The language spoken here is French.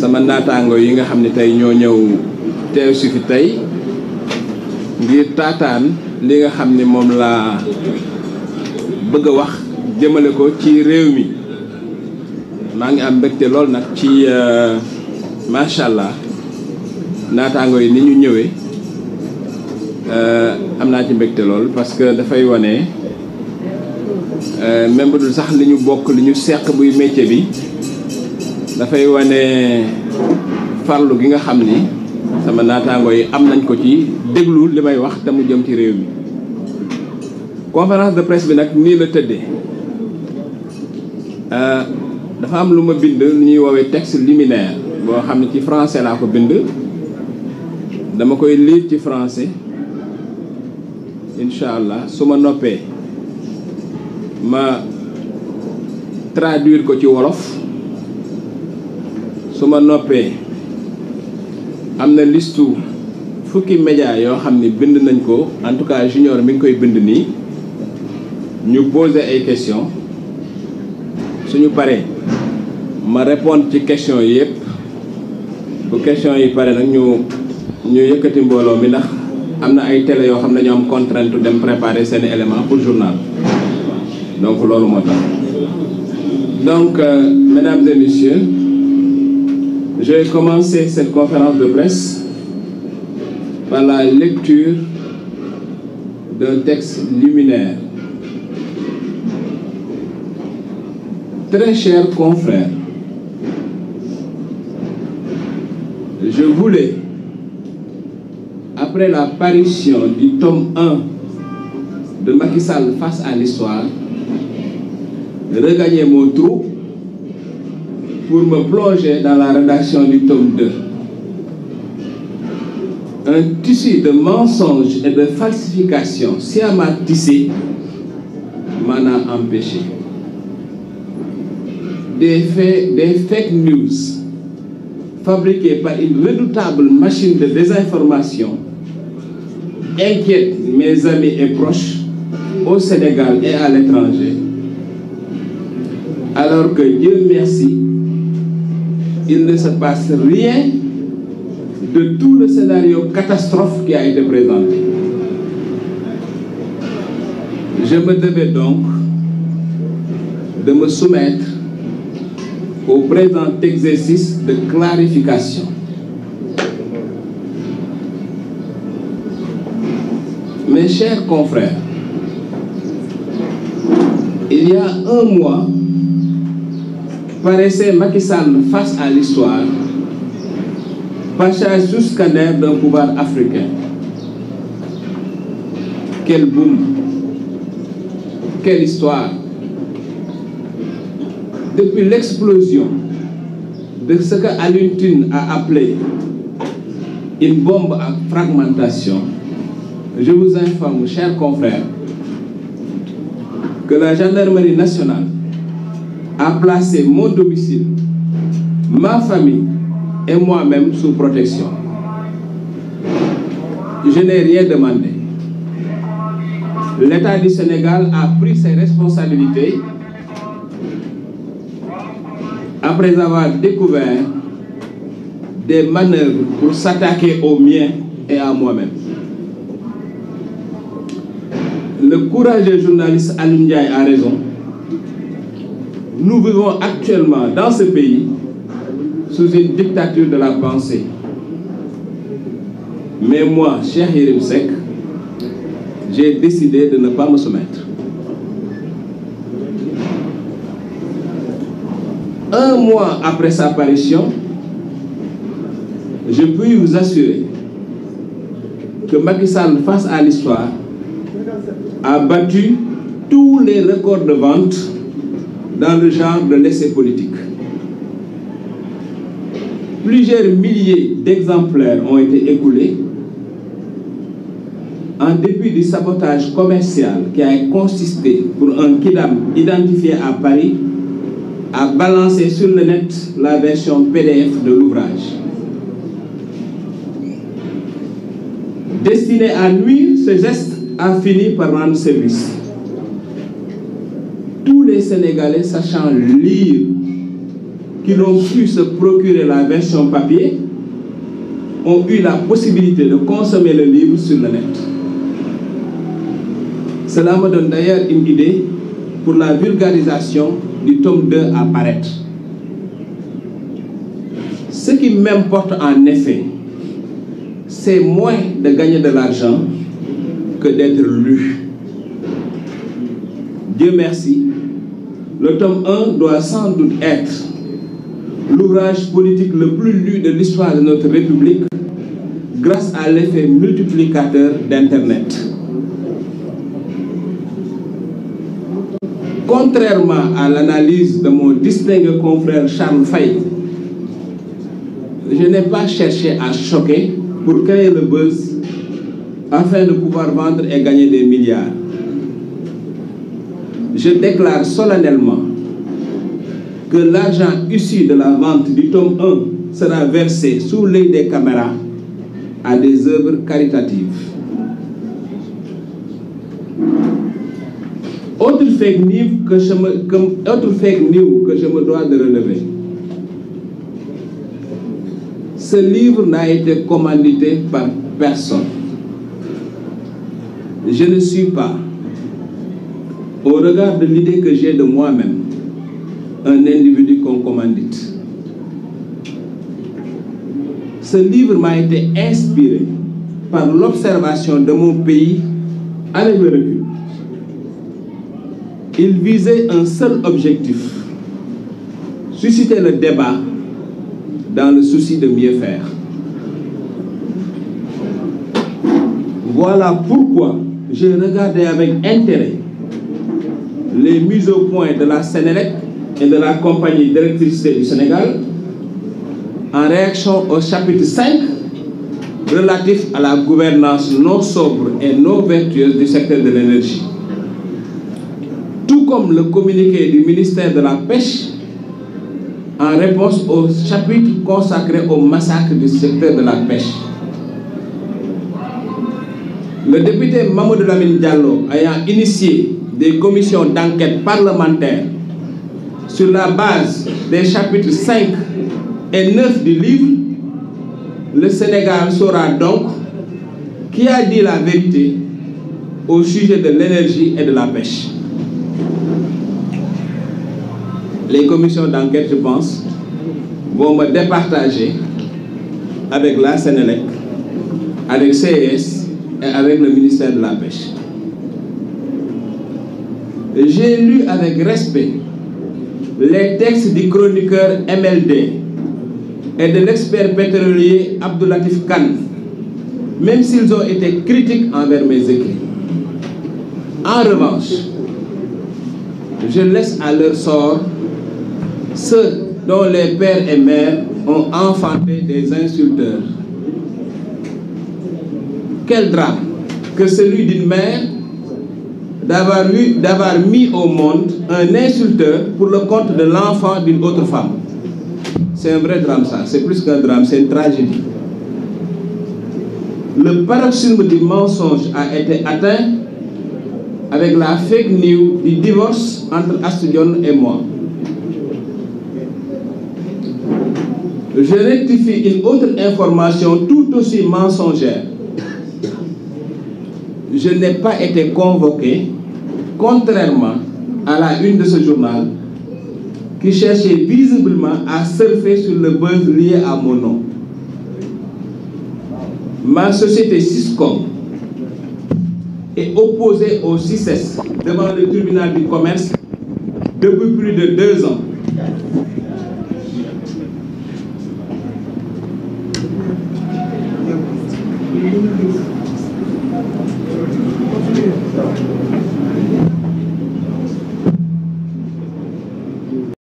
sama naataango yi nga xam ne tey ñoo ñëw teew si fi tey ngir taataan li nga xam ni moom laa bëgg a wax jëmale ko ci réew mi maa ngi am mbégte lool nag ci euh, macha allah naataango yi ni ñu ñëwee euh, am naa ci mbégte lool parce que dafay wane euh, même bu sax li ñu bokk li ñu seq buy métier bi. dafay wone farlu gi nga xamni sama naataango yi am nañ ko ci déglu limay wax te mu jëm ci réew mi conférence de presse bi nak ni la tëddee dafa am luma bind lu ñuy woowee texte liminaire bo xamni ci français la ko bind dama koy lire ci français inshallah suma noppé ma traduire ko ci wolof su noppé amna am listu fukki média yo xam bind nañ ko en tout cas junior mi ngi koy bind ni ñu poser ay questions suñu paré ma répondre ci questions yépp bu questions yi pare nak ñu ñu yëkëti mbolo mi ndax amna ay télé yo xam ne am contrainte dem préparer seen élément pour journal donc lolu moo tax donc euh, mesdames et messieurs je vais commencer cette conférence de presse par la lecture d'un texte luminaire. Très chers confrères, je voulais, après l'apparition du tome 1 de Macky Sall face à l'histoire, regagner mon trou pour me plonger dans la rédaction du tome 2. Un tissu de mensonges et de falsifications si tissé m'en a empêché. Des, faits, des fake news fabriqués par une redoutable machine de désinformation inquiètent mes amis et proches au Sénégal et à l'étranger. Alors que Dieu merci, il ne se passe rien de tout le scénario catastrophe qui a été présenté. Je me devais donc de me soumettre au présent exercice de clarification. Mes chers confrères, il y a un mois, paraissait Macky Sall face à l'histoire, Pacha jusqu'à scanner d'un pouvoir africain. Quel boom Quelle histoire Depuis l'explosion de ce que Alun a appelé une bombe à fragmentation, je vous informe, chers confrères, que la gendarmerie nationale a placé mon domicile, ma famille et moi-même sous protection. Je n'ai rien demandé. L'État du Sénégal a pris ses responsabilités après avoir découvert des manœuvres pour s'attaquer aux miens et à moi-même. Le courageux journaliste Alun a raison. Nous vivons actuellement dans ce pays sous une dictature de la pensée. Mais moi, cher Sek, j'ai décidé de ne pas me soumettre. Un mois après sa parution, je puis vous assurer que Macky face à l'histoire, a battu tous les records de vente dans le genre de l'essai politique. Plusieurs milliers d'exemplaires ont été écoulés en dépit du sabotage commercial qui a consisté pour un kidam identifié à Paris à balancer sur le net la version PDF de l'ouvrage. Destiné à nuire, ce geste a fini par rendre service tous les Sénégalais sachant lire qui ont pu se procurer la version papier ont eu la possibilité de consommer le livre sur le net. Cela me donne d'ailleurs une idée pour la vulgarisation du tome 2 à paraître. Ce qui m'importe en effet, c'est moins de gagner de l'argent que d'être lu. Dieu merci, le tome 1 doit sans doute être l'ouvrage politique le plus lu de l'histoire de notre République grâce à l'effet multiplicateur d'Internet. Contrairement à l'analyse de mon distingué confrère Charles Fay, je n'ai pas cherché à choquer pour créer le buzz afin de pouvoir vendre et gagner des milliards je déclare solennellement que l'argent issu de la vente du tome 1 sera versé sous l'œil des caméras à des œuvres caritatives. Autre fait news que je me, que, autre fake news que je me dois de relever. Ce livre n'a été commandité par personne. Je ne suis pas au regard de l'idée que j'ai de moi-même, un individu qu'on Ce livre m'a été inspiré par l'observation de mon pays avec le recul. Il visait un seul objectif, susciter le débat dans le souci de mieux faire. Voilà pourquoi j'ai regardé avec intérêt les mises au point de la Sénélec et de la compagnie d'électricité du Sénégal en réaction au chapitre 5 relatif à la gouvernance non sobre et non vertueuse du secteur de l'énergie. Tout comme le communiqué du ministère de la Pêche en réponse au chapitre consacré au massacre du secteur de la pêche. Le député Mamoud Lamine Diallo ayant initié des commissions d'enquête parlementaires sur la base des chapitres 5 et 9 du livre, le Sénégal saura donc qui a dit la vérité au sujet de l'énergie et de la pêche. Les commissions d'enquête, je pense, vont me départager avec la Sénélec, avec CES et avec le ministère de la Pêche j'ai lu avec respect les textes du chroniqueur MLD et de l'expert pétrolier Abdoulatif Khan, même s'ils ont été critiques envers mes écrits. En revanche, je laisse à leur sort ceux dont les pères et mères ont enfanté des insulteurs. Quel drame que celui d'une mère d'avoir mis, au monde un insulteur pour le compte de l'enfant d'une autre femme. C'est un vrai drame ça, c'est plus qu'un drame, c'est une tragédie. Le paroxysme du mensonge a été atteint avec la fake news du divorce entre Astridion et moi. Je rectifie une autre information tout aussi mensongère. Je n'ai pas été convoqué contrairement à la une de ce journal, qui cherchait visiblement à surfer sur le buzz lié à mon nom. Ma société Syscom est opposée au CISS e devant le tribunal du commerce depuis plus de deux ans.